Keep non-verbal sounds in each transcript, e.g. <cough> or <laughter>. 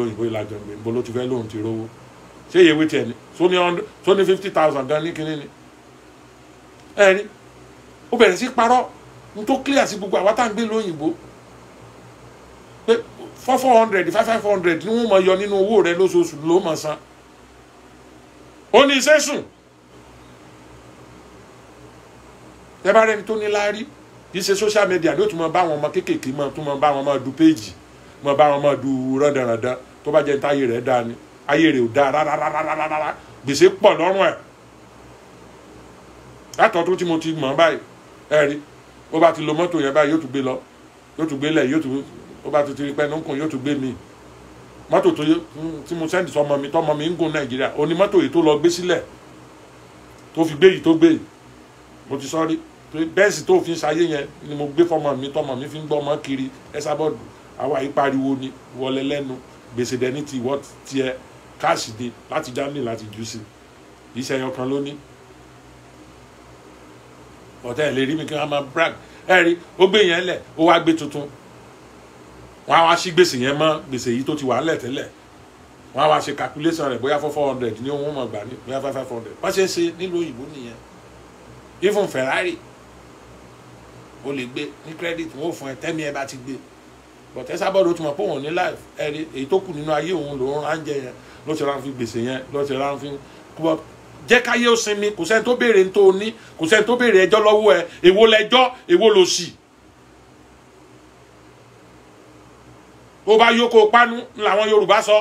òyìnbó ìlàjọ gbé bó ló ti fẹ́ lóun ti rówó ṣé ìyẹ̀wé tiẹ̀ ni tó ní fifty thousand gan ní kínní ni ẹ rí ó bẹ̀rẹ̀ sí parọ́ n tó clear sí gbogbo àwa tá à ń gbé lóyìnbó pé four four hundred five five hundred ni wọ́n mọ̀ yọ nínú owó rẹ lóṣooṣù ló mọ̀ san ó ní iṣẹ́ sùn tẹ́ bá tó ní láárí kì í ṣe social media ló tún mọ bá wọn ọmọ kéékèèké mọ tún mọ bá wọn ọmọ du péjì mọ bá wọn ọmọ du rọ́ndọ̀rọ̀ndọ̀ tó bá jẹ́ táyé rẹ̀ dáa ni ayé rẹ̀ ò dáa rárárárárá gbèsè pọ̀ lọ́rùn ẹ̀ látọ̀tún tí mo ti mọ̀ báyìí ẹ̀rí ó bá ti lo mọ́tò yẹn báyìí yóò tún gbé lọ yóò tún gbé lẹ̀ yóò tún ó bá ti ti rí pẹ́ nùkùn yóò tún gbé mi mọ́tò tí mo sẹ́ndì sọmọ mi tọmọ mi ń gùn nàìjíríà ó ní mọ́tò yìí tó lọ gbé sílẹ̀ tó fi gbé yìí tó gbé yìí mo ti sọ rí bẹ́ẹ̀sì tó fi ṣayé yẹn ni mo gbé fọmọ mi tọmọ mi fi ń gbọ́ ọmọ kiri ẹ sábọ́ọ̀dù àwa yìí pariwo ni wọlé lẹ́nu gbèsè dẹni ti wọ́ tiẹ̀ káàṣì dé láti Germany láti jù sí iṣẹ́ ẹyọ kan lónìí ọ̀tá ẹ̀ lè rí mi kí wọ́n máa brag ẹ rí ó gbé yẹn lẹ̀ ó wá gbé tuntun wọ́n á wá sí gbèsè yẹn mọ́ gbèsè yìí tó ti wà á lẹ̀ tẹ́lẹ̀ wọ́n á wá ṣe calculation rẹ̀ bóyá four four hundred ní ohun ọgbà ní bóyá five five hundred wọ́n ṣe é ṣe nílùú òyìnbó nìyẹn even Ferrari o lè gbé ní credit wọ́n ò fún ẹ tẹ́mi ẹ bá ti gbé but Esabod ti mọ̀ pé òun ní life ẹ̀rí èyí tó kù nínú ayé òun lòún ránjẹ yẹn ló ti ránfin gbèsè yẹn ló ti ránfin kúbọ jẹ́ káyé ó sinmi kò sẹ́ni tó béèrè ní tó o ní kò sẹ́ni tó béèrè ẹjọ́ lọ́wọ́ ẹ èwo lẹjọ́ èwo ló sì. tó bá yókò pánú làwọn Yorùbá sọ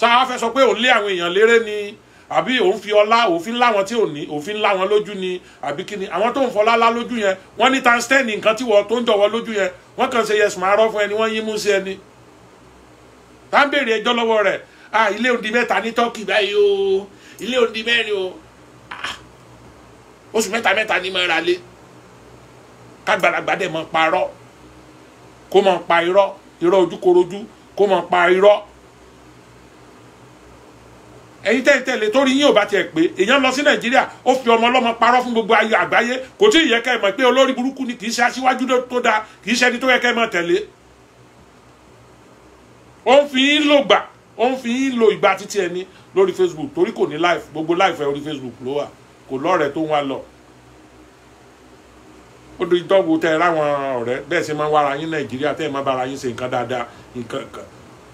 sáà wá fẹ́ sọ pé òun lé àwọn èèyàn léré ni àbí òun fi ọlá òfin láwọn tí ò ní òfin láwọn lójú ni àbí kíni àwọn tó ń fọlá lá lójú yẹn wọ́n ní tanstẹ́ẹ̀nì nǹkan tí wọ́n tó ń dọ̀wọ́ lójú yẹn wọ́n kàn ṣe yẹsùn àárọ̀ fún ẹni wọ́n yín mú sí ẹni tá ń béèrè ẹjọ́ lọ́wọ́ rẹ̀ à ilé òǹdí mẹ́ta ní tọ́kì báyìí o ilé òǹdí mẹ́rin o ah, oṣù mẹ́ta mẹ́ta ní mọ́ lé kágbàlagbà dẹ̀ mọ́ parọ́ kó mọ́ pa irọ́ irọ́ ojúkorojú kó mọ́ pa irọ́ ẹ̀yin tẹ́lẹ̀ tẹ́lẹ̀ torí yín ò bá tiẹ̀ pé èèyàn lọ sí nàìjíríà ó fi ọmọ ọlọ́mọ parọ́ fún gbogbo ayé àgbáyé kò tí ì yẹ ká ẹ mọ̀ pé olórí burúkú ni kì í ṣe aṣíwájú tó dáa kì í ṣe ẹni tó yẹ ká ẹ mọ̀ tẹ̀lé ó ń fi yín lò gbà ó ń fi yín lò ìgbà títí ẹni lórí facebook torí kò ní life gbogbo life ẹ orí facebook ló wà kò lọ́rẹ̀ẹ́ tó ń wá lọ ó di dọ́gbo tẹ láwọn ọ̀rẹ́ bẹ́ẹ̀ sì máa ń wára yín nàìjíríà tẹ́ ẹ̀ máa bára yín ṣe nǹkan dáadáa nǹkan kan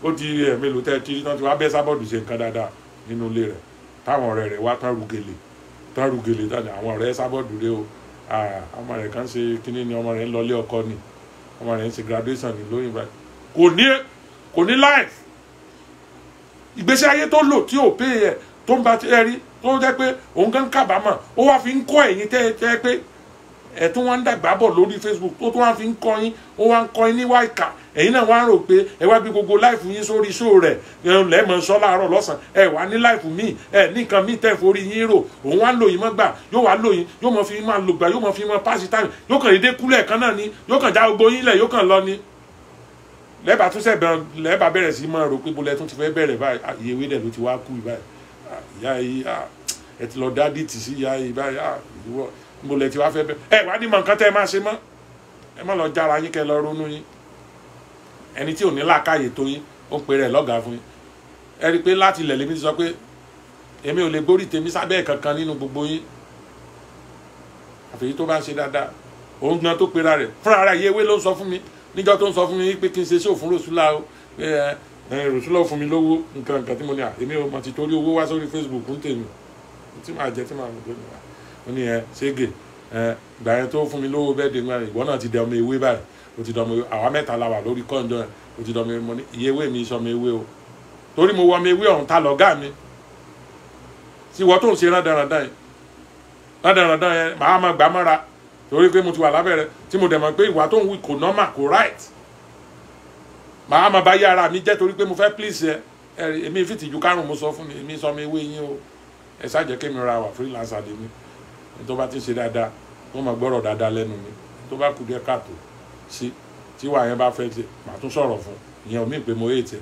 ó di ẹ̀mélòó tẹ́ ẹ ti rí náà ti wá bẹ́ẹ̀ sábọ̀dù ṣe nǹkan dáadáa nínú ilé rẹ̀ táwọn ọ̀rẹ́ rẹ̀ wá tárugele tárugele tàbí àwọn ọ̀rẹ́ sábọ̀dúré o ọmọ rẹ̀ kan ṣe kínní ni ọmọ rẹ̀ ń lọlé ọkọ ni ọmọ rẹ̀ ń ṣe graduation ni lóyún báyìí kò ní kò ní life ìgbésí ayé tó lò tí ò pé yẹ tó ń ba ẹ rí tó jẹ́ pé òun kan kábàámọ̀ ó wá fi ń kọ́ ẹ̀yin tẹ́ tẹ́ pé ẹ̀ tó wá ń dàgbà bọ̀ lórí Facebook tó tó wá fi ń kọ́ yín ó wá ń kọ́ yín ní wáìkà ẹ̀yin náà wá rò pé ẹ wá bí gbogbo láìfù yín sórí iṣó rẹ̀ lẹ́mọ̀ sọ láàárọ̀ lọ́sàn ẹ wà ní láìfù míì ẹ ní míì tẹ̀ forí yín rò òun wá lò yín mọ́ gbà yóò wá lò yín yóò mọ̀ fi máa lò gbà yóò mọ̀ fi máa pàṣẹ táyì yóò kàn dédé kúlẹ̀ kan náà ni yóò kàn já gbogbo yín lẹ̀ yóò kàn lọ ni. lẹ́bàá tún sẹ̀bẹ̀ lẹ́bàá bẹ̀rẹ̀ sí máa rò pé bolẹ̀ tún ti fẹ́ bẹ̀rẹ̀ báyìí ah, ẹni tí ò ní làákàyè tó yín ó ń pè rẹ̀ lọ́gàá fún yín ẹ rí i pé láti ilẹ̀ lèmi ti sọ pé èmi ò lè gbórí tèmi sábẹ́ kankan nínú gbogbo yín àfẹ́yí tó bá ń ṣe dáadáa òun gan tó pera rẹ̀ fúnra ara ìyẹ́wé ló ń sọ fún mi níjọ́ tó ń sọ fún mi pé kí n ṣe sí òfin rọ̀ṣúlá o rọ̀ṣúlá ò fún mi lówó nǹkan nǹkan tí mo ní à èmi ò mọ̀ ti torí owó wá sórí Facebook ń tèmi tí màá jẹ tí màá mú gbé mi wá ó ní ẹ ṣége ìgbà yẹn tó fún mi lówó bẹ́ẹ̀ dé ìgbà náà ti dẹ ọmọ ewé báyìí ó ti dọmọ ewé àwa mẹ́ta la wà lórí kọ́ńjọ yẹn ó ti dọmọ ewé mo ní iye mi sọmọ ewé o torí mo wọ ọmọ ewé ọ̀hún ta lọ́gá mi tí wọ́n tó ń ṣe rádaràdà yẹn rádaràdà yẹn màá ma gbà mọ́ra torí pé mo ti wà lábẹ́rẹ́ tí mo dẹ̀ mọ̀ pé ìwà tó ń wí kò nọ́mà kò right màá ma bá yára mi jẹ́ torí pé mo fẹ́ please ẹ èmi fìtìjú kárùn mo sọ fún mi èmi sọmọ ewé yín o ẹ ṣáàjẹ́ kémi ra wà freelancer lèmi tó bá ti ṣe dáadáa wọ́n máa gbọ́rọ̀ dáadáa lẹ́nu mi tó bá kú díẹ̀ káàtó sí tí wà yẹn bá fẹ́ tiẹ̀ màá tún sọ̀rọ̀ fún ìyẹn omi pé mo hate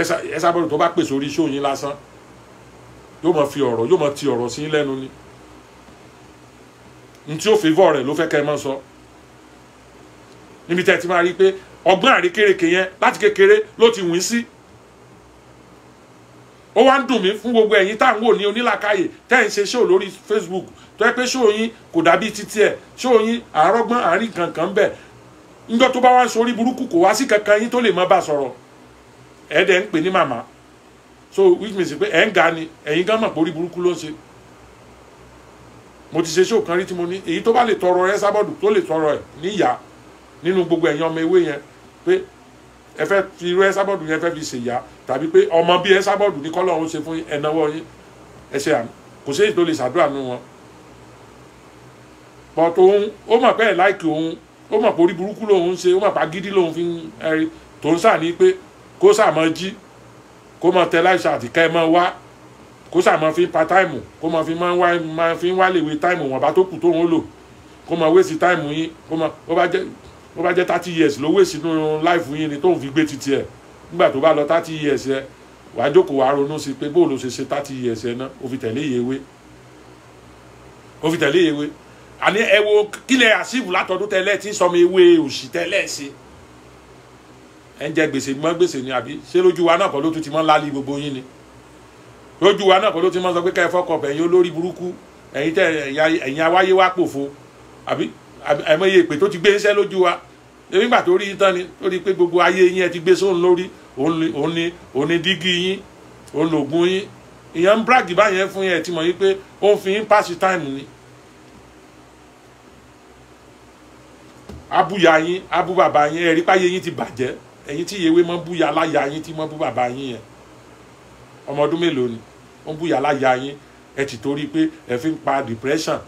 ẹ̀ ẹ̀sà bọ́dọ̀ tó bá pèsè orí iṣẹ́ òyìn lásán yóò mọ fi ọ̀rọ̀ yóò mọ ti ọ̀rọ̀ sí lẹ́nu ni ntí ó fi vọ́ rẹ̀ ló fẹ́ kẹ́ ẹ mọ́ sọ níbi tẹ́ ẹ ti máa rí i pé ọgbọ́n àríkèrèkè yẹn láti kékeré ló ti wín sí ó wá ń dùn mí fún gbogbo ẹ̀yin tá à ń wò ní onílàkàyè tẹ́ ẹ̀ ń ṣe ṣó lórí Facebook tó yẹ pé ṣóòyìn kò dàbí títí ẹ̀ ṣóòyìn àárọ̀gbọ́n àárín kankan bẹ̀ ńjọ́ tó bá wá ń sorí burúkú kò wá sí kankan yín tó lè má bá sọ̀rọ̀ ẹ̀ dẹ̀ ń pè ní màmá so which means pé ẹ̀ ń ga ni ẹ̀yin gan mọ̀ pé orí burúkú ló ń ṣe mo ti ṣe ṣó kan rí tí mo ní èyí tó bá lè tọrọ ẹ sábọ̀dù tó lè tọrọ ẹ níyà nínú gbogbo ẹ̀yin ọmọ ewé yẹn pé ẹ fẹ́ fi irú ẹ sábọ̀dù yẹn fẹ́ fi ṣèyà tàbí pé ọmọ bíi ẹ sábọ̀dù ní kọ́lọ́run ṣe fún ẹ̀náwó yín ẹ ṣe àmì kò sí èyí tó lè ṣàdúrà nù wọn but òun ó mọ̀ pé ẹ̀ láìkì òun ó mọ̀ pé orí burúkú lòun ń ṣe ó mọ̀ pé agídí lòun fi ń ẹrí tòun sà ní pé kó sà mọ jí kó mọ tẹ láìsà àti kẹ́ ẹ mọ wá kó sà mọ fi pa táìmù kó mọ fi máa fi wá lèwe táìmù wọn bá tó kù tóun ó lò kó mọ wéèsì táìmù yín kó mọ ó bá jẹ ó bá jẹ thirty years ló wéèsì nínú láìfù yín ni tóun fi gbé titi ẹ nígbà tó bá lọ thirty years ẹ wàá jókòó wàá ronú sí pé bóòlù ṣe ṣe thirty years ẹ náà ó fi tẹ̀lé ìyẹwé ó fi tẹ̀lé ìyẹwé àní ẹ wo kílẹ̀ àṣìbù látọdún tẹ́lẹ̀ tí sọmọ ewé òṣì tẹ́lẹ̀ ṣe ẹ ń jẹ gbèsè mọ́ gbèsè ni àbí ṣé lójú wa náà kọ́ ló tún ti mọ́ lálẹ́ gbogbo yín ni lójú wa náà kọ́ ló ti mọ́ sọ pé kẹ́ẹ̀ fọ́kọ̀ ẹ̀yin olórí burúkú ẹ̀yin tẹ ẹ̀yin awáyé wa pòfo àbí àìmọye ìpè tó ti gbé iṣẹ́ lójú wa nígbà tó rí yín tán ni tó rí pé gbogbo ayé yín ẹ ti gbé sóhun lórí òun ni òun ni dígí yín òun lògùn yín ìyẹn ń brag báyẹn fún yẹn ti mọ̀ yín pé ó fi yín pass time ni Abuya yín abu bàbá yín eri pa yín ti baje, ẹ̀yin ti yewe mọ́ búya láya yín tí mọ́ bú bàbá yín yẹn ọmọ ọdún mélòó ni ó ń búya láya yín ti torí pé ẹ fi pa depression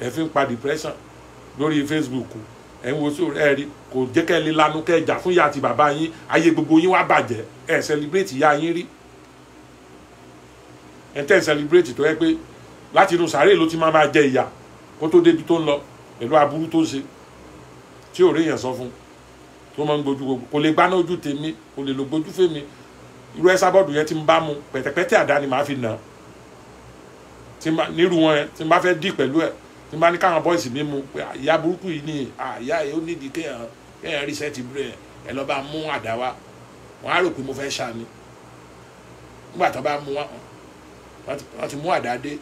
ẹ fi pa depression lori Facebook ẹ ń wo sí ẹ rí kò jẹ́ kẹ́ ẹ lè lanu kẹ́ ẹ jà fún ìyá àti bàbá yín gbogbo yín wá bàjẹ́ ẹ celebrate ìyá yín rí ẹ tẹ́ celebrate tó yẹ pé láti inú sàárè ló ti máa máa jẹ ìyà kó tó débi tó ń lọ pẹ̀lú aburú tó ń tí ò rí èèyàn sọ fún tó máa ń gbójú gbogbo kò lè gbá náà ojú tèmi kò lè lo gbójú fèmi irú ẹ sábọ́ọ̀dù yẹn ti ń bá mu pẹ̀tẹ̀pẹ̀tẹ̀ àdá ni màá fi nà nírú wọn yẹn tí n bá fẹ́ dì pẹ̀lú ẹ̀ tí n bá ní káwọn bọ́ìsì mi mu pé àyà burúkú yìí ni àyà yìí ó nídìí kéèyàn kéèyàn ríṣẹ́ẹ̀tì bírè ẹ̀ lọ́ bá mú àdá wa wọ́n á rò pé mo fẹ́ ṣá ni nígbà tó bá mú wọn wọ́n ti mú àdá dé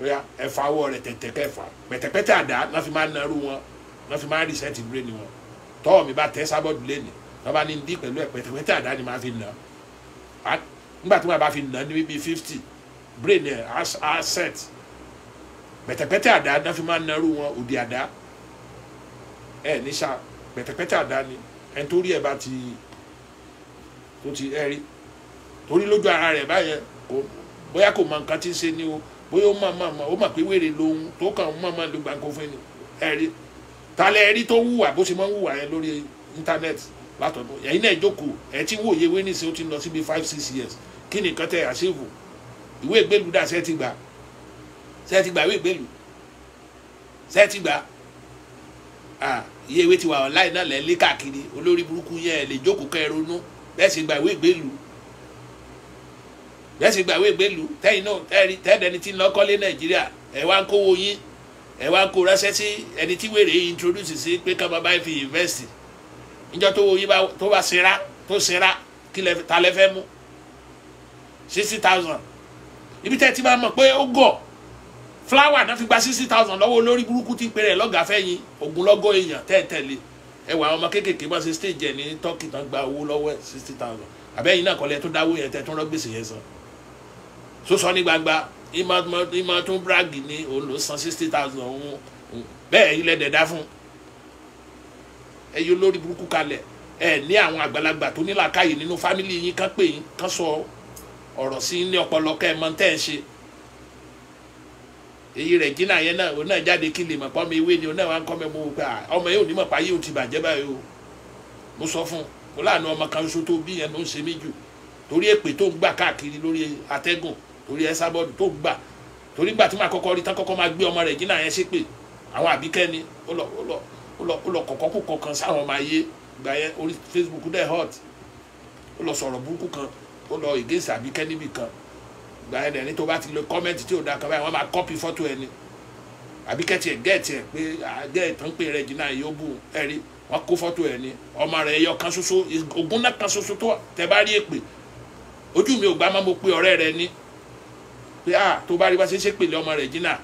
bóyá ẹ̀fà ọwọ́ rẹ̀ tẹ̀tẹ̀ kẹfà pẹ̀tẹ̀pẹ̀tẹ̀ àdá wọ́n fi máa ń narú wọn wọ́n fi máa ń reset brain wọn tọ́wọ́ mi bá tẹ́ sábọ́ọ̀dù lẹ́nu wọ́n bá ní dí pẹ̀lú ẹ̀ pẹ̀tẹ̀pẹ̀tẹ̀ àdá ni màá fi nà á nígbà tí màá bá fi nà ní bíi fifty brain ẹ̀ á pẹ̀tẹ̀pẹ̀tẹ̀ àdá náà fi máa ń narú wọn òdì àdá ẹ̀ níṣà pẹ̀tẹ̀pẹ̀tẹ̀ àdá ni ẹni tó rí ẹ̀ bá ti tó ti ẹ̀ rí torí lójú ara rẹ̀ báyẹn kò bóyá kò mọ nǹkan tí ń ṣe ni o bóyá ó mọ̀ mọ̀ mọ̀ ó mọ̀ pé wèrè lòun tó kàn ń mọ̀ mọ̀ ló talẹ̀ rí tó wùwà bó ṣe máa ń wùwà yẹn lórí íńtánẹ́ẹ̀tì látọ̀dọ̀ ẹ̀yin náà jókòó ẹ̀ tí wòye wé ní ṣe ti lọ síbi five six years kí ni nǹkan tẹ̀ àṣẹ́wò ìwé ìgbélú dà ṣe ti gbà ṣe ti gbà ìwé ìgbélú ṣe ti gbà iye ìwé ti wà online náà lẹ́ lé káàkiri olórí burúkú yẹn ẹ̀ lè jókòó kẹ́ ẹ ronú bẹ́ẹ̀ ṣe gbà ìwé ìgbélú bẹ́ẹ̀ ṣe gbà ìwé ìgbélú tẹ́yìn náà tẹ́ẹ̀dẹ́ni tí ń lọ́kọ́lé Nàìjíríà ẹ̀ wá ń kówó yín ẹ wá kó ránṣẹ́ sí ẹni tí wèrè introduce sí pé ká bàbá fi invest níjọ́ tó wo yí tó bá sinra tó sinra kí lẹ fẹ́ mú sixty thousand ibi tẹ́ ti máa mọ̀ pé ó gọ̀ fúláwà náà fi gba sixty thousand lọ́wọ́ olórí burúkú tí ń pèrè lọ́gàá fẹ́yìn ogunlọ́gọ̀ èèyàn tẹ́ẹ̀tẹ̀lé ẹ ọmọ kéékèèké bá ṣe stage ẹ̀ ní turkey tán gba owó lọ́wọ́ ẹ̀ sixty thousand àbẹ́yìn náà kọ́lẹ́ tó dáwó yẹn tẹ́ tó rọ́ gbèsè yẹn san sósọ ní gbangba ìmọ̀ tún bragi ní òun ló san sixty thousand òun bẹ́ẹ̀ ilẹ̀ dẹ̀dá fún ẹ yọ lórí burúkú kalẹ̀ ẹ ní àwọn àgbàlagbà tó ní làákàyè nínú fámìlì yín kán pè yín kán sọ ọ̀rọ̀ sí ní ọpọlọ kẹ́ ẹ mọ̀ tẹ́ ẹ ṣe èyí rẹ̀ jìnnà yẹn náà òun náà jáde kí lè mọ̀ pọ́ mi ewé ni òun náà wà ń kọ́ mi mú un pé ọmọ yìí ò ní mọ̀ pa yìí ò ti bàjẹ́ báyìí o mo sọ fún un kó láàánú ọmọ kan ṣoṣo tó bí yẹn ló ń ṣe mí jù torí èpè tó ń gbà káàkiri lórí atẹ́gùn orí ẹsà bọ́ọ̀dù tó gbà torí gbà tí màá kọ́kọ́ rí tán kọ́kọ́ máa gbé ọmọ rẹ̀ jìnnà yẹn ṣépè àwọn àbíkẹ́ ni ó lọ kọ̀kọ́ kó kankan sáwọn ọmọ ayé gbà yẹn orí Facebook dẹ̀ hot ó lọ sọ̀rọ̀ burúkú kan ó lọ against àbíkẹ́ níbì kan gbà yẹn dẹ̀ ní tó bá ti lo comment tí ò da kan báyìí wọ́n máa copy photo ẹni àbíkẹ́ tiẹ̀ gẹ́ẹ̀tì ẹ̀ pé àgẹ́ẹ̀ tó ń pè rẹ̀ jìnnà yóò bù ẹ̀rí wọ́n kó fọ́tò ẹ̀ ọmọ rẹ̀ ẹyọ kan ṣoṣo ogun náà kan ṣoṣo tó tẹ bá rí èpè ojú mi ò gbá má mo pe ọ̀rẹ́ rẹ ni pé ah tó bá rí bá ṣe ṣe pèlè ọmọ rẹ̀ jìnnà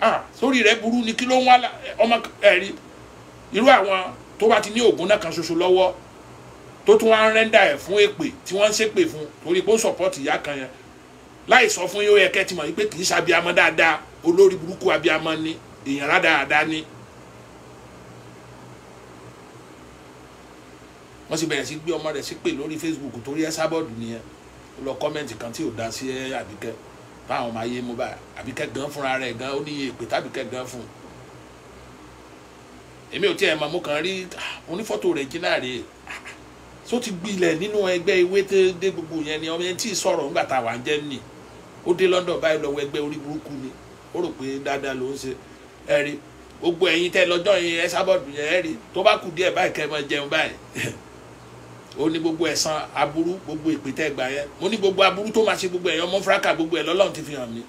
ah sórí rẹ̀ burú ni kí ló ń wá ọmọ ẹ̀rí irú àwọn tó bá ti ní ògùn náà kan ṣoṣo lọ́wọ́ tó tún wá ń rẹ́ńdà ẹ̀ fún èpè tí wọ́n ń ṣépè fún torí pé ó ń sọ̀pọ́tì ìyá kan yẹn láì sọ fún yóò yẹ kẹ́ ti mọ̀ wípé kì í ṣe abiyamọ dáadáa olórí burúkú abiyamọ ni èèyàn rádáadáa ni. wọ́n sì bẹ̀rẹ̀ sí gbé ọmọ rẹ̀ sí pè lórí Facebook torí ẹ sábọ́ọ̀dù nìyẹn ó lọ kọ́mẹ́ǹtì kan tí ò dá sí àbíkẹ́ báwọn ọmọ ayé mú báyìí àbíkẹ́ gan fúnra rẹ̀ gan ó níye ìpè tábíkẹ́ gan fún un èmi ò tiẹ̀ mọ̀ mo kàn rí ah, onífọ́tò rẹ̀ jìnnà rè tó ti gbilẹ̀ nínú ẹgbẹ́ ewé tó dé gbogbo yẹn ni ọmọ yẹn tí ì sọ̀rọ̀ nígbà tá a wà ń jẹ́ nì ó dé London báyìí lọ́wọ́ ẹgbẹ́ orí burúkú ni ó rò pé dáadáa ló ń ṣe ẹ rí gbogbo ẹ̀yin tẹ́ lọ́jọ́ yẹn ẹ sábọ̀dù yẹn ẹ rí tó bá kù díẹ̀ báyìí kẹ́ ẹ máa jẹun báyìí <laughs> ó ní gbogbo ẹ̀san aburú gbogbo ìpìtẹ́ gbà yẹn mo ní gbogbo aburú tó máa ṣe gbogbo ẹ̀yàn ọmọ fúráka gbogbo ẹ̀ lọ́lọ́run ti fi hàn mí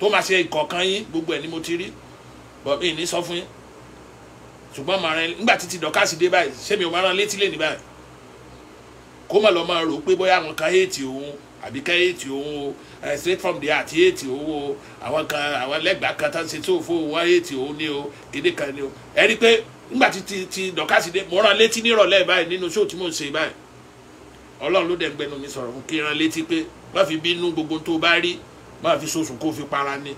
tó máa ṣe ìkọ̀ọ̀kan yín gbogbo ẹ̀ ni mo ti rí bọ̀bí ìní sọ fún yín ṣùgbọ́n màá rán nígbà títí dọ́kásì dé báyìí ṣé mi ò máa rán létí lé ní báyìí kó má lọ máa rò pé bóyá àwọn kan hate òun àbí kan hate òun o eh, straight from the heart hate òun o àwọn kan àwọn lẹ́gbàá kan tá ń ṣe tó fó wọn hate òun ni o kéde kan ni o ẹ rí i pé nígbà tí ti dọ́kásì dé mo rán létí nírọ̀lẹ́ báyìí nínú ṣóò tí mò ń ṣe báyìí ọlọ́run ló dẹ̀ gbẹnu mi sọ̀rọ̀ kí ran létí pé má fi bínú gbogbo tó bá rí má fi sosùn kó fi para ni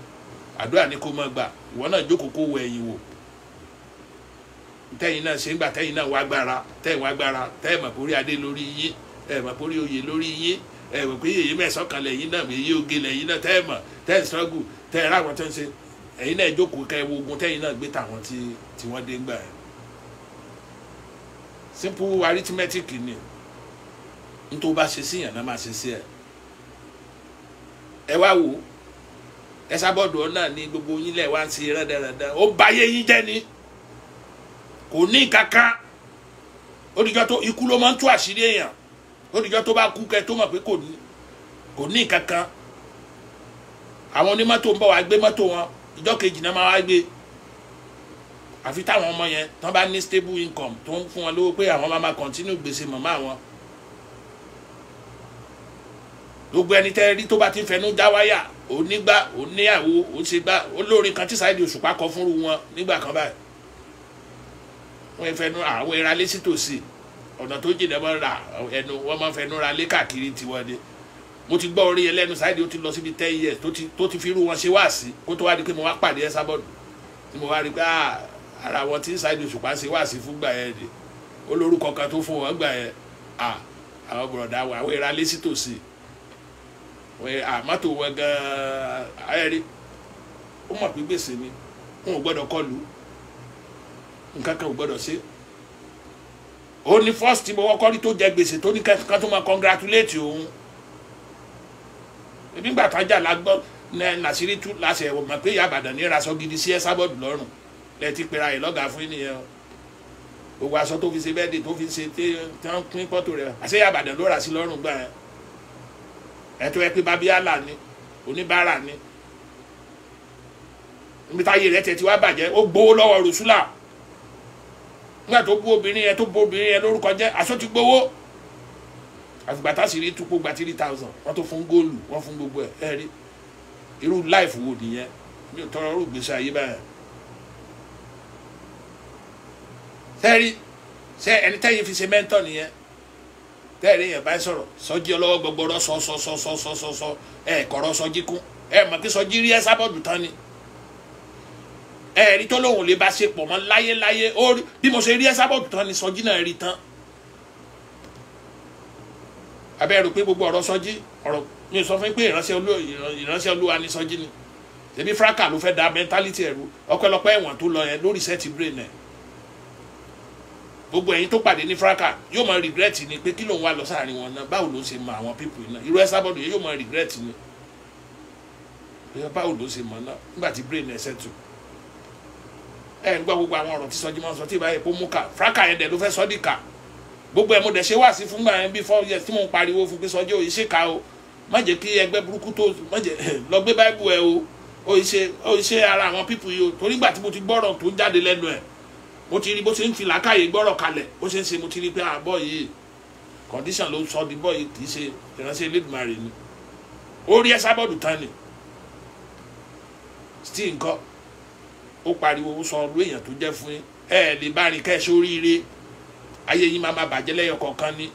àdúrà ni kó máa gbà ìwọ náà jókòó kó wọ ẹ̀yìn wò tẹ́yìn náà ṣe ń gbà tẹ́yìn náà wá gbára tẹ́yìn wá gbára tẹ́yìn mọ̀ pórí adé lórí yín ẹ̀ mọ̀ pórí oyè lórí yín ẹ̀ mọ̀ pé èyí mẹ́sàn kan lẹ́yìn náà èyí oge lẹ́yìn náà tẹ́yìn mọ̀ tẹ́yìn struggle tẹ́yìn ráwọn tó ń ṣe ẹ̀yìn náà jókòó kẹ́ wo ogun tẹ́yìn náà gbé tàwọn tí wọ́n dé ń gbà yẹn simple arithmetic ni nítorí bá ṣe sí yàn náà máa ṣe sí ẹ ẹ wá wò ẹ sábọ̀dọ̀ náà ní gbogbo yín lẹ̀ wá ń ṣe rẹ́dẹ̀rẹ́dẹ́ ó báyé yín jẹ́ ni kò ní kankan ó dìjọ́ tó ikú ló máa ń tú àṣírí èèyàn ó dìjọ́ tó bá kú kẹ́ tó mọ̀ pé kò ní kò ní kankan àwọn onímọ́tò ń bọ̀ wá gbé mọ́tò wọn ìjọ́ kejì náà máa wá gbé àfi táwọn ọmọ yẹn tán bá ní stable income tó ń fún wọn lówó pé àwọn máa máa continue gbèsè màmá àwọn gbogbo ẹni tẹ́ rí tó bá ti fẹnu dá wáyà onígbà oníyàwó oṣègbà olórin kan tí Saheed Òṣùpá kọ fúnru wọn nígbà kan báyìí wọ́n fẹnu àwọn ìralé sítòsí ọ̀nà tó jìnnà máa ń ra ẹnu wọ́n máa ń fẹnu ra lé káàkiri tiwọn ni mo ti gbọ́ orí ẹlẹ́nu Saheed ó ti lọ síbi ten years tó ti fi irú wọn ṣe wá sí kó tó wá di pé mo wá pàdé ẹ sábọ́ọ̀dù tí mo wá rí pé ah, ara wọn tí Saheed Òṣùpá ṣe wá sí fúngbà yẹn ni olórúkọ kan tó fún wọn gbà yẹn ah, àwọn bùrọ̀dá àwọn ìralé sítòsí àmọ́tò wẹ gan-an ayẹ́rí ó mọ̀ pé gbèsè ni wọn ò gbọ́dọ̀ kọlù nǹkan kan ò gbọ́dọ̀ ṣe ó ní first tí mo kọ́kọ́ rí tó jẹ gbèsè tó ní kẹ́kẹ́ tó máa congratulate òun ebi gbà tájà la gbọ́ nàṣírí tú láṣẹ mọ̀ pé ìyá àbàdàn ní raṣọ gidi sí ẹ sábọ̀dù lọ́rùn lẹ́ẹ̀tì pera ẹ̀ lọ́gàá fún ènìyàn gbogbo aṣọ tó fi ṣe bẹ́ẹ̀dì tó fi ṣe tí wọ́n pín pọ́tò rẹ̀ àṣẹ ìyá ló rà sí lọ́rùn gbà yẹn ẹ̀tọ́ ẹ pé babiala ni oníbàárà ni níbi táyé rẹ̀ tẹ̀ tí wá bàjẹ́ ó gbowó lọ́wọ́ rùsùlà nígbà tó bú obìnrin yẹn tó bú obìnrin yẹn lórúkọ jẹ́ aṣọ ti gbowó àfìgbà tá sì rí túpó gba three thousand wọ́n tó fún góòlù wọ́n fún gbogbo ẹ̀ ẹ̀ rí irú láìfù wo nìyẹn mi ò tọrọ irú ìgbésí ayé báyẹn sẹ́ẹ̀rí sẹ́ẹ̀ ẹni tẹ́yìn fi ṣe mẹ́ńtọ́ nìyẹn tẹ́ẹ̀rí yẹn báyìí sọ̀rọ̀ sọ́jí ọlọ́wọ́ gbọgbọ́rọ́ sọ́sọ́sọ́sọ́sọ́ ẹ̀ kọ̀rọ̀ sọ́jí kún ẹ̀ mọ̀ kí sọ́jí rí ẹ sábọ̀dù tán ni ẹ̀ rí tó lóhùn lè bá ṣe pọ̀ mọ́ láyéláyé ó rí bí mo ṣe rí ẹ sábọ̀dù tán ni sọ́jí náà rí tán abẹ́rù pé gbogbo ọ̀rọ̀ sọ́jí ọ̀rọ̀ mi sọ fún pé ìránṣẹ́ olúwa ni sọ́jí ni tèmi fraka ló fẹ́ da mentality ẹ̀rú ọpẹ́lọpẹ́ ẹ̀wọ̀n tó lọ yẹn lórí sẹ́ẹ̀tì brain ẹ̀ gbogbo ẹ̀yin tó pàdé ní fraka yóò máa regret ni pé kí lòun wá lọ sáàrin wọn náà báwo ló ṣe mọ àwọn people náà irú ẹ sábọ̀dọ̀ yóò máa regret ni báwo ló ṣe mọ náà nígbà tí brain ẹ ṣẹ́tù ẹ ń gbọ́ gbogbo àwọn ọ̀rọ̀ tí sọ́jí máa ń sọ tí ìbáyé pó mú kà fraka yẹn dẹ̀ ló fẹ́ sọ́ dì kà gbogbo ẹ̀ mo dẹ̀ ṣe wá sí fúngbà yẹn bí four years tí mo ń pariwo fún pé sọ́jí ò ṣe ká o má jẹ́ kí ẹgbẹ́ burúkú tó má jẹ́ lọ gbé báíbù ẹ o ò ṣe ara àwọn people yìí o torí gbà tí mo ti gbọ́rọ̀ tó ń jáde lẹ́nu ẹ̀ mo ti rí bó ṣe ń fi làákàyè gbọ́rọ̀ kalẹ̀ bó ṣe ń ṣe mo ti rí pé àbọ̀ ah, yìí condition ló sọ di bọ́ yìí kì í ṣe ìránṣẹ́ elédùnmarè ni ó rí Ẹsábọ́ọ̀dù tán ni still nǹkan ó pariwo ó sọ ọdún èèyàn tó jẹ́ fún yín ẹ lè bá rìn kẹ́ẹ̀ṣẹ́ oríire ayé yín máa máa bàjẹ́ lẹ́yọ̀ kọ̀ọ̀kan ni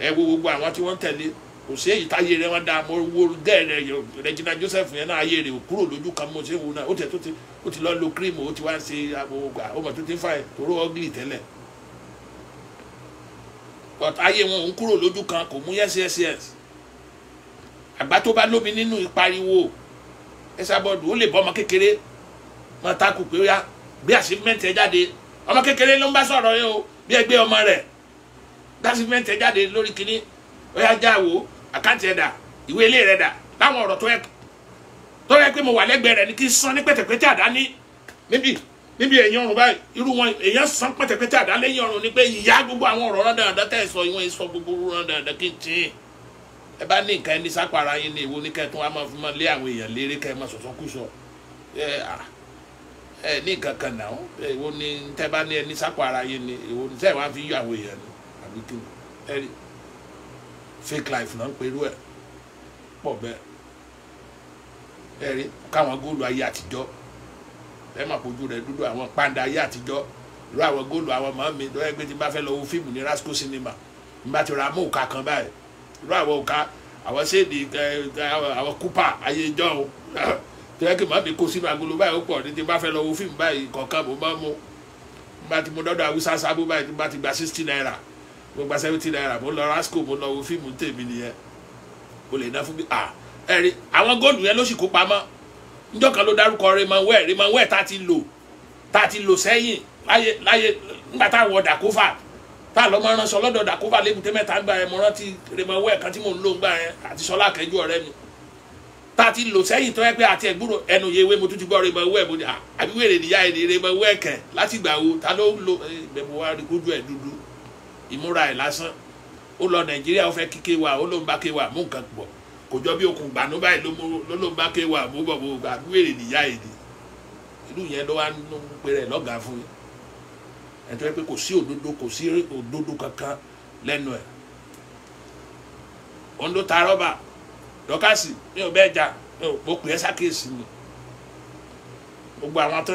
ẹ wo gbogbo àwọn tí wọ́n tẹ̀lé kò sí èyí táyé rẹ wọn dáa mo wo gẹ́ẹ̀ rẹ Regina Joseph yẹn náà ayé rẹ ò kúrò lójú kan mo ṣe wò náà ó tẹ̀ tó ti ó ti lọ lo kírímù ó ti wá ṣe àgbà ó mọ̀ tó ti fà toró ọ́gìlì tẹ́lẹ̀ but ayé wọn òun kúrò lójú kan kò mú yes yes yes àgbà tó bá lómi nínú ìpariwo ẹ sábọ̀dù ó lè bọ́ ọmọ kékeré máa takù pé ó yá gbé àṣìmẹ́ǹtì ẹ jáde ọmọ kékeré ló ń bá sọ̀rọ̀ yẹn o bí ẹgbẹ́ ọmọ rẹ̀ gbé àṣìmẹ́ǹtì ẹ jáde lórí kinní ó yá já wò ó àkáǹtì ẹ̀ dà ìwé ilé rẹ̀ dà láwọn ọ̀rọ̀ pé mo wà lẹ́gbẹ̀ẹ́ rẹ̀ ni kí n san ní pẹ̀tẹ̀pẹ̀tẹ̀ àdá ní níbi níbi èèyàn ọ̀run báyìí irú wọn èèyàn san pẹ̀tẹ̀pẹ̀tẹ̀ ni pé ìyá gbogbo àwọn ọ̀rọ̀ rán dandan tẹ́ ẹ sọ ìwọ̀n gbogbo rán dandan kí n tì í ẹ bá ni èwo ní kẹ́ máa fi máa lé àwọn èèyàn léré kẹ́ máa sọsọ kú sọ ẹ ni fi yọ àwọn fake life náà ń pe irú ẹ̀ pọ̀ bẹ́ẹ̀ ẹ rí káwọn góòlù ayé àtijọ́ ẹ mà kojú rẹ̀ dúdú àwọn pàǹdà ayé àtijọ́ irú àwọn góòlù àwọn màmá mi lọ́yẹ́ pé tí bá fẹ́ lọ wo fíìmù ní Rasco Cinema n bá ti ra mú òka kan báyìí irú àwọn òka àwọn séèdì àwọn kúpà ayé ìjọ o <laughs> tẹ́lẹ̀ kí màmí kó sínú agolo báyìí ó pọ̀ ní tí n bá fẹ́ lọ wo fíìmù báyìí kọ̀ọ̀kan mo máa mú n bá ti mú dọ́dọ̀ Awúsá sábó báyìí tí n bá ti gba sixty naira gbogbo gba seventy naira mo lọ rasco mo lọ wo fíìmù tèmi nìyẹn mo lè ná fún mi àwọn góòlù yẹn ló sì kó pamọ́ ló dárúkọ tá a ti lò tá a ti lò sẹ́yìn láyé láyé nígbà tá a wọ dàkófà tá a lọ́ máa ránṣọ lọ́dọ̀ dàkófà lébùté mẹ́ta gbà mo rántí àti sọlá ọ̀rẹ́ mi tá a ti lò sẹ́yìn tó yẹ pé àti ẹ̀gbúrò ẹnu ewé mo tún ti gbọ́ mo ní àbí wèrè ta ló ń ìmúra ẹ̀ lásán ó lọ nàìjíríà ó fẹ́ kíké wa ó ló ń bá ké wa mú nǹkan bọ̀ kò jọ bí okùn gbanú báyìí ló ló ń bá ké wa mú bọ̀ gbogbo àdúgbò èrè nìyá èdè ìlú yẹn ló wá ń pe rẹ̀ lọ́gàá fún mi ẹ̀tọ́ yẹ pé kò sí òdodo kò sí òdodo kankan lẹ́nu ẹ̀ òun ló ta rọ́bà dọ́kásì mi ò bẹ́ẹ̀ jà mo pè é sákèsì mi gbogbo àwọn tó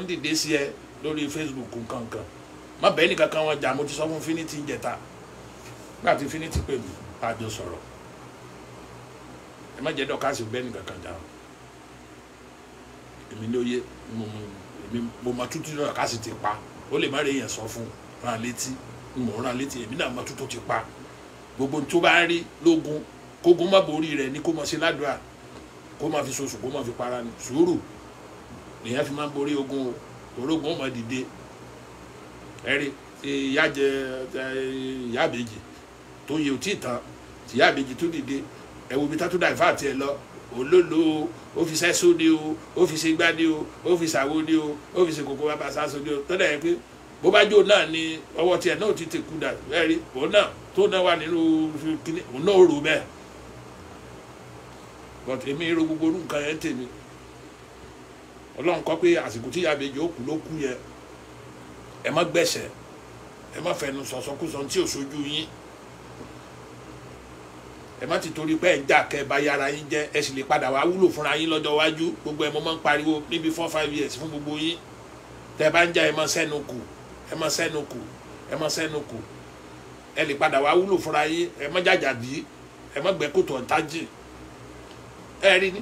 ń dìde sí ẹ lórí Facebook nǹkan kan má bẹ́ẹ̀ nìkan kan wọn jà mo ti sọ fún finiti jẹta nígbà tí finiti pè mí àjọ sọ̀rọ̀ ẹ má jẹ́ dọ́kásì bẹ́ẹ̀ nìkan kan jà èmi ní oyé mo mọ tútù dọ́kásì ti pa ó lè má rí èèyàn sọ fún ràn létí mo ràn létí èmi náà mọ tútù ti pa gbogbo tó bá rí lógun kógun má borí rẹ̀ ni kó mọ sí ládùá kó má fi soṣù kó má fi para ni sùúrù lèyàn fi má borí ogun o orógun ó má dìde ẹ̀rí ìyá jẹ ìyá àbèjì tó yẹ òtí tán ìyá àbèjì tó dìde ẹ̀wọ̀n mi tá tó dà ìfá àti ẹ̀ lọ olólo o ó fi sẹ́só ni o ó fi ni o ó fi ṣàwo ni o ó fi ṣe kòkó bàbá sáso ni o tó dà yẹ pé bó bá jó náà ni ọwọ́ tiẹ̀ náà ti ti kú dà ẹ̀rí òun náà tó náà wà nínú kíní òun náà rò bẹ́ẹ̀ but èmi ro gbogbo orú nǹkan yẹn tèmi ọlọ́run kọ́ pé àsìkò tí ìyá àbèjì ó kú ló kú yẹn ẹ má gbẹ̀ṣẹ̀ ẹ má fẹnu sọ̀sọ́kùsọ tí ò sojú yín ẹ má ti torí pé ẹ̀ ń jà kẹ́ ẹ bá yára yín jẹ́ ẹ sì lè padà wá wúlò fúnra yín lọ́jọ́ iwájú gbogbo ẹ̀ mo máa ń pariwo níbi four five years fún gbogbo yín tẹ́ ẹ bá ń jà ẹ má sẹ́nu kù ẹ má sẹ́nu kù ẹ má sẹ́nu kù ẹ lè padà wá wúlò fúnra yín ẹ má jàjà bí ẹ má gbẹ́ kòtò ọ̀tájì ẹ rí ni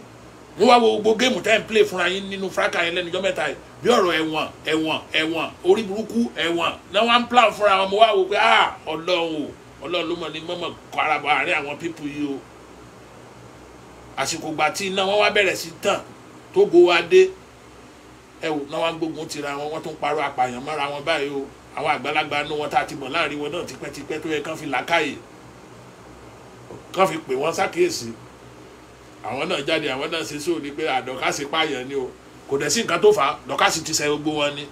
wọ́n wá wo gbogbo géèmù tẹ́ ń play fúnra yín nínú fúráka yẹn lẹ́nu ọjọ́ mẹ́ta yìí bí ọ̀rọ̀ ẹ̀wọ̀n ẹ̀wọ̀n ẹ̀wọ̀n orí burúkú ẹ̀wọ̀n náà wọ́n ń plan fúnra wọn mo wá wo pé ah ọlọ́run ọlọ́run ló mọ̀ ní mọ̀mọ̀ kọ́ ara bọ̀ àárín àwọn pípù yìí o àsìkò gbà tí iná wọn wá bẹ̀rẹ̀ sí tàn tó gbó wa dé ẹ wò náà wá ń gbógun tira wọn wọ́n tún parọ́ apààyàn mọ́ra wọn báyìí o àwọn àgbàlagbà inú wọn tá a ti mọ̀ láàrin wọn náà tipẹ́tipẹ́ tó yẹ kán fi làákàyè kán fi pè wọ́n sákèésì àwọn náà jáde àwọn náà ṣe sóò ní pé àdọ́kásí pààyàn ni o kò dẹ̀ sí nǹkan tó fà á dọ́kásí ti ṣe gbogbo wọn ni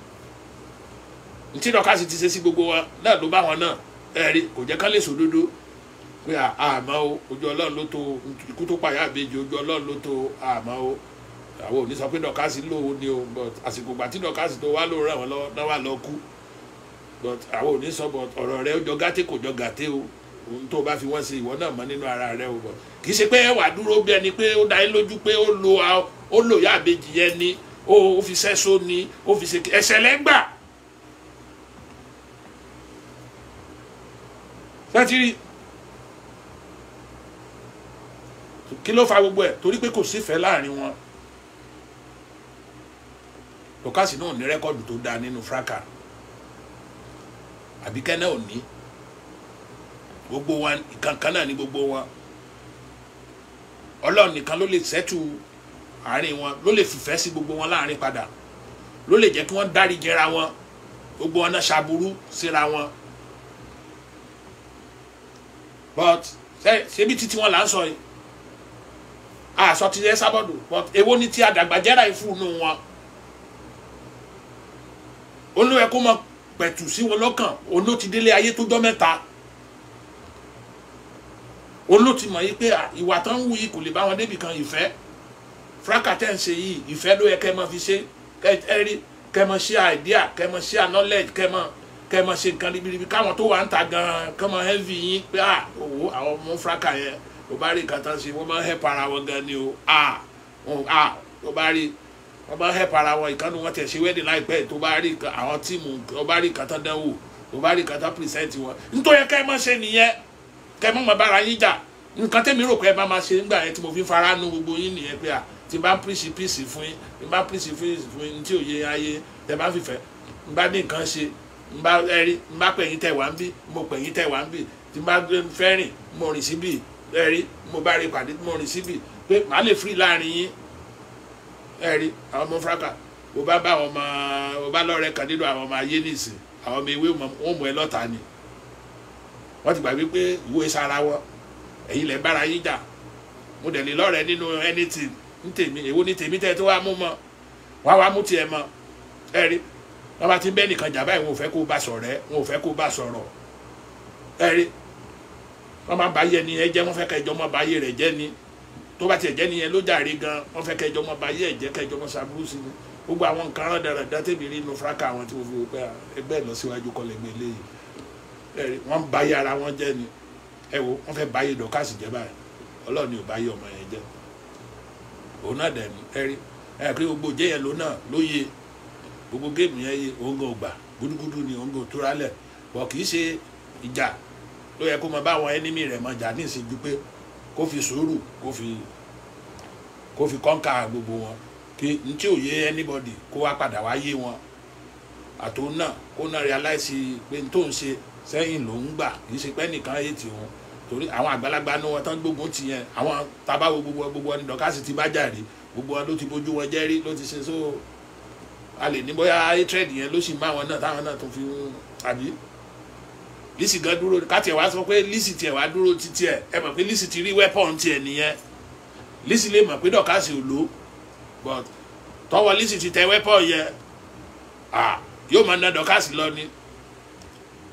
ntí dọ́kásí ti ṣe sí gbogbo wọn náà ló bá wọn náà ẹ̀rí kò jẹ́ ká lè sòdodo pé àmọ́ o ojú ọlọ́run ló tó ikú tó pààyà àbejì ojú ọlọ́run ló tó àmọ́ o àwọn ò sọ pé dọ́kásí lòwò ni o but àsìkò gbà tí dọ́kásí tó wá lòun ràn wọ́n lọ́wọ́ náà wà lọ kú but àwọn ò ní sọ but ọ̀rọ̀ rẹ̀ ó jọ gàtẹ́ kò jọ gàtẹ́ o ohun tó o bá fi wọ́n ṣe ìwọ náà mọ́ nínú ara rẹ o bọ̀ kì í ṣe pé ẹwà dúró bí ẹni pé ó dá yín lójú pé ó lo ó lò yá àbejì yẹn ni ó fi sẹ́só ni ó fi ṣe ẹsẹ̀ lẹ́gbà. sátìrì kí ló fa gbogbo ẹ̀ torí pé kò sífẹ̀ẹ́ láàrin wọn lọ́kàsí náà ní rẹ́kọ́dù tó dáa nínú fúráká àbíkẹ́ náà ní gbogbo wa kankan náà ni gbogbo wọn ọlọ́run nìkan ló lè sẹ́tù àárín wọn ló lè fìfẹ́ sí gbogbo wọn láàrin padà ló lè jẹ́ kí wọ́n dárí jẹra wọn gbogbo wọn náà ṣàbùrú síra wọn but ṣebí títí wọn là ń sọ yìí àṣọ ti yẹ sábọ̀dù but èwo ni ti àdàgbàjẹ́ra ìfúnnu wọn olú ẹ mọ pẹ̀tù sí wọn lọ́kàn olú ti délé ayé tó dọ́ mẹ́ta olóòtú mọ̀ yìí pé ìwà tán ń wù yìí kò lè bá wọn débi kan ìfẹ́ fúrákà tẹ̀ ń ṣe yìí ìfẹ́ ló yẹ kẹ́ mọ fi ṣe kẹ́ rí kẹ́ mọ ṣe àìdíà kẹ́ mọ ṣe knowledge kẹ́ mọ kẹ́ mọ ṣe nǹkan ribiribi káwọn tó wà ń ta gan-an kẹ́ mọ heavy yín pé à owó àwọn ọmọ fúrákà yẹn ò bá rí nǹkan tán ṣe wọ́n máa ń help ara wọn gan ni o à à ò bá rí wọ́n máa ń help ara wọn ìkànnì wọn tẹ̀ ṣe wedding láìpẹ́ tó bá rí àwọn tíìmù ò bá rí nǹkan dánwò ò bá rí nǹkan tán wọn nítorí kẹ́ mọ ṣe nìyẹn kẹ́ mọ́ mọ́ bára yín jà nǹkan tẹ́mi rò pé ẹ bá máa ṣe nígbà yẹn tí mo fi fara nu gbogbo yín nìyẹn pé à tí bá ń pírísì pírísì fún yín tí bá ń pírísì pírísì fún yín tí òye ayé tẹ bá fìfẹ́ n bá ní nǹkan ṣe n bá ẹrí n bá pẹ̀yìn tẹ̀ wá ń bí mo pẹ̀yìn tẹ̀ wá ń bí tí n bá fẹ́ rìn mo rìn síbì ẹrí mo bá rí pàdé mo rìn síbì pé màá lè firi láàrin yín ẹrí àwọn ọmọ fúráka bó bá bá àwọn ọmọ bó bá lọ́ọ̀rẹ́ kan nínú àwọn ọmọ ayé nìsín àwọn ọmọ ewé wọ́n ti gbà wípé ìwé sara wọn ẹ̀yin lẹ́ bára yín jà mo dẹ̀ lè lọ́rẹ̀ẹ́ nínú anything ní tèmi èwo ní tèmi tẹ́ tó wá mú mọ́ wá wá mú tiẹ̀ mọ́ ẹ rí wọ́n bá ti ń bẹ́ nìkan jà báyìí wọn ò fẹ́ kó bá sọ̀rẹ́ wọn ò fẹ́ kó bá sọ̀rọ̀ ẹ rí wọ́n máa bá yẹ ni ẹ jẹ́ wọ́n fẹ́ kẹjọ mọ́ báyé rẹ̀ jẹ́ ni tó bá tiẹ̀ jẹ́ nìyẹn ló jàre gan wọ́n fẹ́ kẹjọ mọ́ báyé ẹ̀ jẹ́ kẹjọ mọ́ sàbúrú sí ni gbogbo àwọn nǹkan rán dáradára tèmi inú fúráká àwọn tí mo fi wò pé ah, ẹgbẹ́ ìlọsíwájú kọlẹ̀ gbé wọ́n ń báyé ara wọn jẹ́ ni ẹ wo wọ́n fẹ́ báyé dọ́kásì jẹ́ báyìí ọlọ́run ni ò báyé ọmọ yẹn jẹ́ òun náà dẹ̀ ni ẹ rí ẹ pé gbogbo jẹ́yẹn ló náà ló yẹ gbogbo géèmù yẹn yẹ òun gan ògbà gúdúgúdú ni òun gan òtúra lẹ̀ bọ̀ kì í ṣe ìjà ló yẹ kó mọ báwọn ẹnímì rẹ̀ mọ jà ní ìsìnjú pé kó fi sùúrù kó fi kó fi kọ́ńkà gbogbo wọn kí n ò yé anybody kó wá padà wá yé wọn àtòun náà kó náà realize pé n tó ṣe sẹ́yìn ló ń gbà kì í ṣe pé nìkan ayé ti òun torí àwọn àgbàlagbà ní wọn tán gbógun ti yẹn àwọn tabawo gbogbo gbogbo ẹni dọ̀kásì ti bá jà gbogbo wọn ló ti bójú wọn jẹ́ ló ti ṣe so a lè ní bóyá hatred yẹn ló sì má wọn náà táwọn náà tó fi ń àbí lisi gan dúró kátiẹ̀ wá sọ pé lisi tiẹ̀ wá dúró títí ẹ̀ ẹ mọ̀ pé lisi ti rí weapon tiẹ̀ nìyẹn lisi lè mọ̀ pé dọ̀kásì ò lò but tọwọ́ lisi ti tẹ weapon yẹn ah yóò máa ná dọ̀kásì lọ ni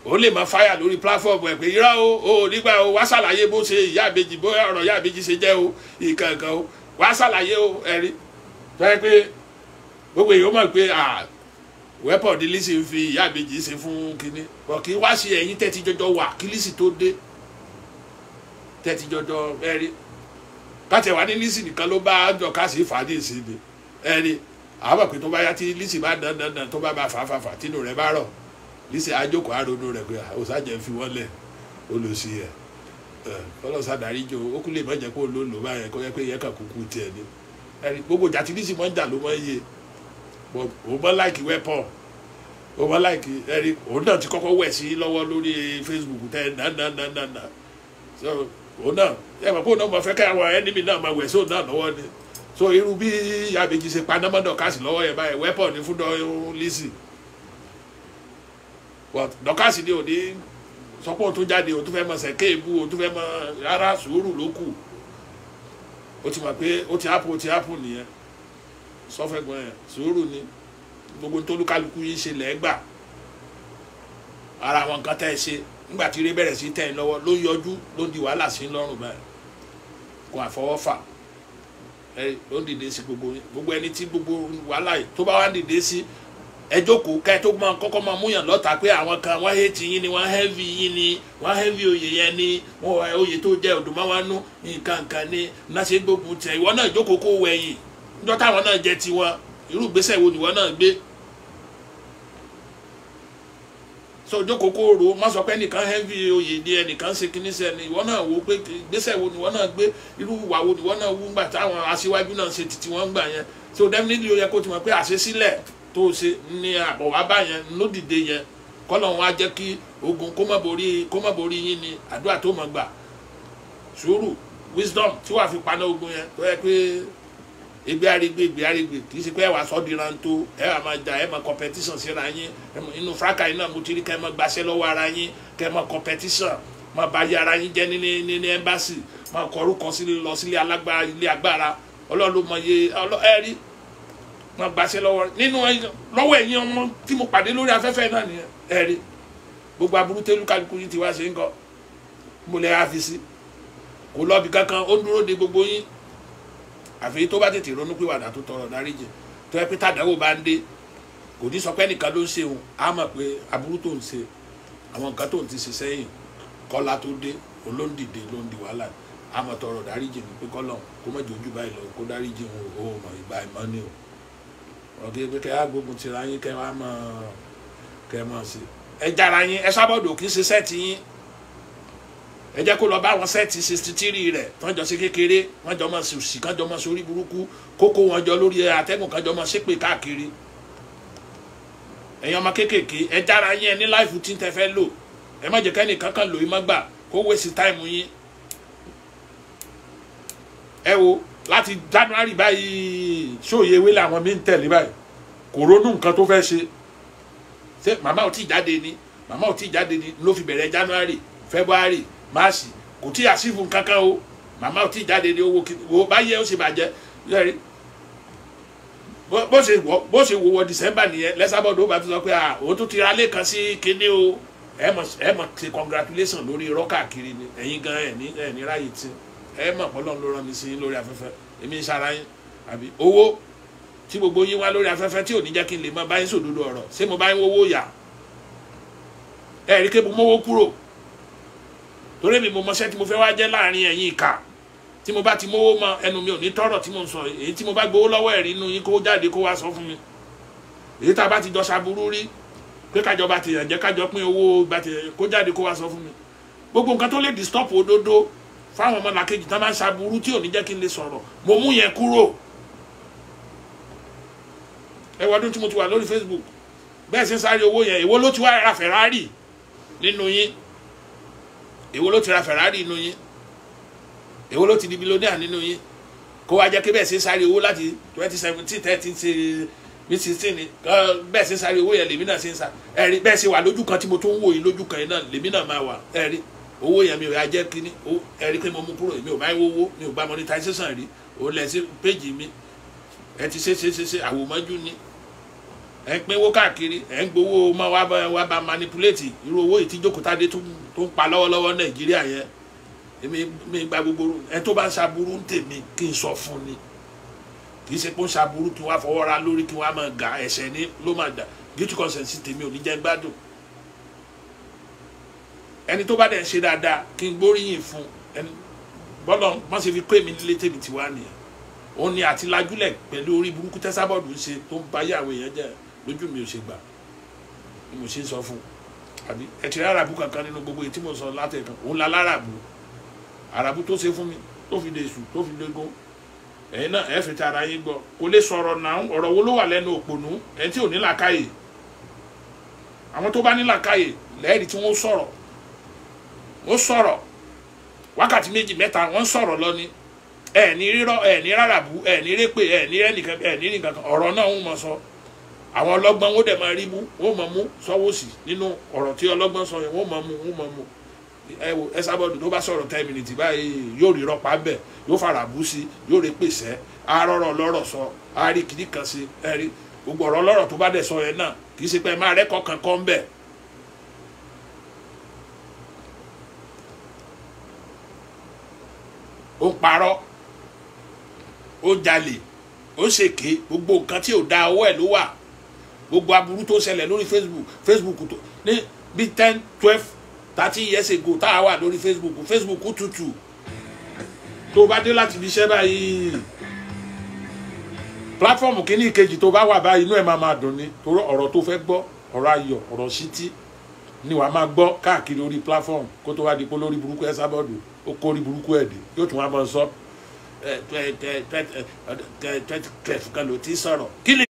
ó lè máa fáyà lórí platform ẹ pé irọ́ o ò nígbà o wá ṣàlàyé bó ṣe ìyá àbèjì bóyá ọ̀rọ̀ ìyá àbèjì ṣe jẹ́ o ìkànkàn o wá ṣàlàyé o ẹ̀rí tó yẹ pé gbogbo èèyàn mọ̀ pé wẹ́pọ̀ ní Lizzy ń fi ìyá àbèjì ṣe fún kínní bọ̀ kí wá sí ẹ̀yìn tẹ́tí jọjọ wà kí Lizzy tó dé tẹ́tí jọjọ ẹ̀rí kátẹ̀ wá ní Lizzy nìkan ló bá jọ káṣí fàdí ìsinmi ẹ̀rí àwọn àpè tó bá yá tí Lizzy bá dandan tó bá bá fàáfàá lise àjòkò arụnụ rẹ̀ pé òsàjẹ́ ah, fi wọ́n olosi olùsí ẹ̀ kọlọ́sà dáríjò ó kú lè kó ló lò báyẹn kó yẹ pé yẹn kà kúkú tiẹ̀ ni ẹ̀rí gbogbo jàtí ní sì mọ́ ló o láìkì o láìkì òun náà ti kọ́kọ́ wẹ̀ sí lọwọ lórí Facebook tẹ́ ẹ̀ so òun náà náà àwọn ẹnìmí náà dọ́kàsì ni òní sọpọ́ òtún jáde òtún fẹ́ mọ sẹ́kẹ́ èbú òtún fẹ́ mọ rárá sùúrù ló kù ti mọ̀ pé o ti hápù o ti hápù nìyẹn yẹn sùúrù ni gbogbo ara àwọn nǹkan ẹ ṣe nígbà tí wàhálà sí báyìí kò ẹ ló ń dìde sí gbogbo gbogbo ẹni tí gbogbo wàhálà yìí tó bá wà ń dìde sí ẹ jókòó ma kọkọ tó máa kọ́kọ́ múyàn lọta pé àwọn kan wọ́n hẹ́ẹ̀tì yín ni wọ́n hẹ́ẹ̀vì yín ni wọ́n hẹ́ẹ̀vì oyè yẹn ni wọ́n oyè tó jẹ́ ọ̀dùnmáwánú nǹkan kan ni náṣẹ́ gbógun tẹ̀ ìwọ náà kó jẹ tiwọn irú ìgbésẹ̀ wo nìwọ náà gbé so jókòó kó ro má sọ pé ẹnìkan hẹ́ẹ́fì oyè ni ẹnìkan ṣe kíní ni ìwọ náà pé ni náà gbé irú wo ni náà wú táwọn aṣíwájú náà ṣe gbà yẹn so definitely ó yẹ kó ti tó o ṣe ní àbọ̀wá báyẹn lódìde yẹn kọ́lọ̀ wọn á jẹ́ kí ogun kó má borí kó má borí yín ni àdúrà tó máa gbà sùúrù wisdom tí wàá fi paná ogun yẹn tó yẹ pé ìgbé arígbé ìgbé arígbé kì í ṣe pé ẹ wàá sọ di ranto ẹ wàá máa jà ẹ máa competition síra yín inú fúráka yín náà mo ti rí kẹ́ ẹ máa gbaṣẹ́ lọ́wọ́ ara yín kẹ́ ẹ máa competition máa bá yí ara yín jẹ́ ní ní ní embassy máa kọ orúkọ sílé lọ sílé alágbára ilé agbára ọlọ́run mọ̀ iye ẹ rí máa gbàṣẹ lọ́wọ́ nínú lọ́wọ́ ẹ̀yin ọmọ tí mo pàdé lórí afẹ́fẹ́ náà nìyẹn ẹ̀rí gbogbo aburú tẹ́lú kálukú yìí ti wá ṣe ń kọ́ mo lè ra kò lọ́ọ̀bì kankan ó dúró de gbogbo yín àfi tó bá tètè ronú pé wàdà tó tọrọ dáríjì tó yẹ pé tàdáwò bá ń dé kò ní sọ pé ẹnìkan ló ń ṣe òun á mọ̀ pé aburú tó ń ṣe àwọn nǹkan tó ń ti ṣe sẹ́yìn kọ́lá tó dé olóńdìdè ló ń di wàhálà àmọ̀ tọrọ dáríjì ni pé kọ́lọ̀ kó mọ̀jọ́ báyìí lọ kó dáríjì òun ò mọ̀ ìgbà ìmọ̀ ni o ọ̀gẹ́ pé kẹ́ ẹ gbógun tira yín kẹ́ ẹ wá mọ̀ kẹ́ ẹ mọ̀ sí ẹ jára yín ẹ sábọ̀dọ̀ kì í ṣe sẹ́ẹ̀tì yín ẹ jẹ́ kó lọ bá wọn sẹ́ẹ̀tì sixty three rẹ̀ wọ́n jọ sí kékeré wọ́n jọ mọ̀ sí òsì kan jọ mọ̀ sí orí burúkú kókó wọn jọ lórí atẹ́gùn kan jọ mọ̀ ṣépè káàkiri ẹ̀yin ọmọ kéékèèké ẹ jára yín ẹ ní láìfù tí ń tẹ fẹ́ lò ẹ má jẹ́ kẹ́ni kankan lò yín mọ́ gbà kó wéṣì táìmù yín ẹ wo láti january báyìí sóòye ewé làwọn mi ń tẹ̀lé báyìí kò ronú nǹkan tó fẹ́ ṣe ṣé màmá ò tí ì jáde ni màmá ò tí jáde ni ló fi bẹ̀rẹ̀ january february march kò tí ì àṣìfù kankan o màmá ò tí ì jáde ni owó wo báyẹ ó ṣe bàjẹ́ lẹ́rìí bó ṣe wọ bó ṣe wọ december nìyẹn lẹ́sàbọ̀dọ̀ ó bá fi sọ pé òun tún ti ra lẹ́ẹ̀kan sí kinní o ẹ mọ̀ ẹ mọ̀ ṣe congratulation lórí irọ́ káàkiri ni ẹ̀yin gan ẹ̀ ní ẹ̀ ní ráyè tí ẹ mọ̀ pọ́lọ́ ló rán mi sí lórí afẹ́fẹ́ èmi ń sara yín àbí owó tí gbogbo yín wá lórí afẹ́fẹ́ tí ò ní jẹ́ kí n lè mọ báyìí sòdodo ọ̀rọ̀ ṣé mo báyìí owó yà ẹ rí kébù mówó kúrò torí mi mo mọṣẹ́ tí mo fẹ́ wá jẹ́ láàrin ẹ̀yin ìka tí mo bá ti mówó mọ ẹnu mi ò ní tọrọ tí mo ń sọ èyí tí mo bá gbowó lọ́wọ́ ẹ̀rí inú yín kó jáde kó wá sọ fún mi èyí tá a bá ti jọ ṣaburú rí pé kájọba ti yànjẹ́ kájọ pín owó kó jáde kó wá sọ fún mi gbogbo nǹkan tó lè disturb òdodo fáwọn ọmọ làkejì tán máa ń ṣaburú tí ò ní jẹ́ kí n lè sọ̀rọ̀ mo mú yẹn kúrò ẹ wọ́n ọdún tí mo ti wà lórí Facebook bẹ́ẹ̀ sì ń sáré owó yẹn èwo ló ti wá ra Ferrari nínú yín èwo ló ti ra Ferrari nínú yín èwo ló ti di billionaire nínú yín kó wá jẹ́ kí bẹ́ẹ̀ sì ń sáré owó láti twenty seventeen thirteen ṣe mi sixteen ni bẹ́ẹ̀ sì ń sáré owó yẹn lèmi náà sì ń sá ẹ̀rí bẹ́ẹ̀ sì wà lójú kan tí mo tún wò yín lójú kan yín náà lèmi náà máa wà ẹ̀rí owó yẹn mi ò yà jẹ́ kínní ẹ rí pé mo mú kúrò mi ò bá yẹ owó mi ò bá monetization rí o lẹ sí péjì mi ẹ ti ṣe ṣe ṣe ṣe àwòmọ́jú ni ẹ ń pínwó káàkiri ẹ ń gbowó ma wá bá wá bá manipulate irú owó ìtìjókòtadé tó ń pa lọ́wọ́lọ́wọ́ nàìjíríà yẹn èmi mi gba gbogbo ẹ tó bá ń ṣaburú ń tèmi kí n sọ fún ni kì í ṣe pé ń ṣaburú kí n wá fọwọ́ ra lórí kí n wá máa gà ẹ̀ṣẹ̀ ni ló máa dà guilty conscience tèmi ò ní jẹ́ gbádùn ẹni tó bá dẹ̀ ń ṣe dáadáa kí n gbóríyìn fún ẹni bọ́lọ̀ wọ́n ṣe fi kó èmi nílé tèmi tiwa nìyẹn òun ni àti lajúlẹ̀ pẹ̀lú orí burúkú tẹ́sábọ́ọ̀dù ń ṣe tó ń báyé àwọn èèyàn jẹ́ lójú mi ò ṣe gbà ni mo ṣe ń sọ fún àbí ẹtì arábù kankan nínú gbogbo èyí tí mo sọ látẹ̀kan òun la lárabù arábù tó ṣe fún mi tó fi lè sùn tó fi lè gó ẹ̀yin náà ẹ̀ fi ta yín gbọ́ kò lè sọ̀rọ̀ náà ọ̀rọ̀ wo ló wà lẹ́nu òpònú ẹ̀ tí ò ní làkàyè àwọn tó bá ní làkàyè lẹ́ẹ̀rí tí wọ́n sọ̀rọ̀ ó sọ̀rọ̀ wákàtí méjì mẹ́ta wọ́n sọ̀rọ̀ lọ ni ẹ ní rírọ́ ẹ ní ráràbù ẹ ní rẹ́pẹ̀ ẹ ní rẹ́nìkan ẹ ní nìkan ọ̀rọ̀ náà ń mọ̀ sọ àwọn ọlọ́gbọ́n ó dẹ̀ máa rí mú ó mọ̀ mú sọ́wọ́ sí nínú ọ̀rọ̀ tí ọlọ́gbọ́n sọ yẹn ó mọ̀ mú ó mọ̀ mú ẹ wo ẹ sábọ́dù tó bá sọ̀rọ̀ ten minutes báyìí yóò rírọ́ pa ń yóò fara bú sí yóò rí pèsè arọ́rọ̀ lọ́rọ̀ sọ arí kìnnìkan sí ẹ rí gbogbo ọ̀rọ̀ lọ́rọ̀ tó bá dẹ̀ sọ yẹn náà kì í ṣe pé máa rẹ́kọ̀ọ́ kankan ń ó parọ́ ó jalè ó ṣèké gbogbo nǹkan tí ò da ọwọ́ ẹ̀ ló wà gbogbo aburú tó ṣẹlẹ̀ lórí facebook facebook tó ní bí ten twelve thirty years ago tá a wà lórí facebook facebook tutù tó bá dé láti fi ṣẹ́ báyìí platform kìíní ìkejì tó bá wà báyìí inú ẹ̀ máa máa dùn ni torí ọ̀rọ̀ tó fẹ́ gbọ́ ọ̀rọ̀ ayọ̀ ọ̀rọ̀ ṣítí ni wàá máa gbọ́ káàkiri orí platform kó tó wá di pé lórí burúkú ẹ sábọ́ọ̀dù ó kórí burúkú ẹ̀ dé yóò tún wá bọ́ sọ twenty twelve kan ló ti sọ̀rọ̀ kí ni.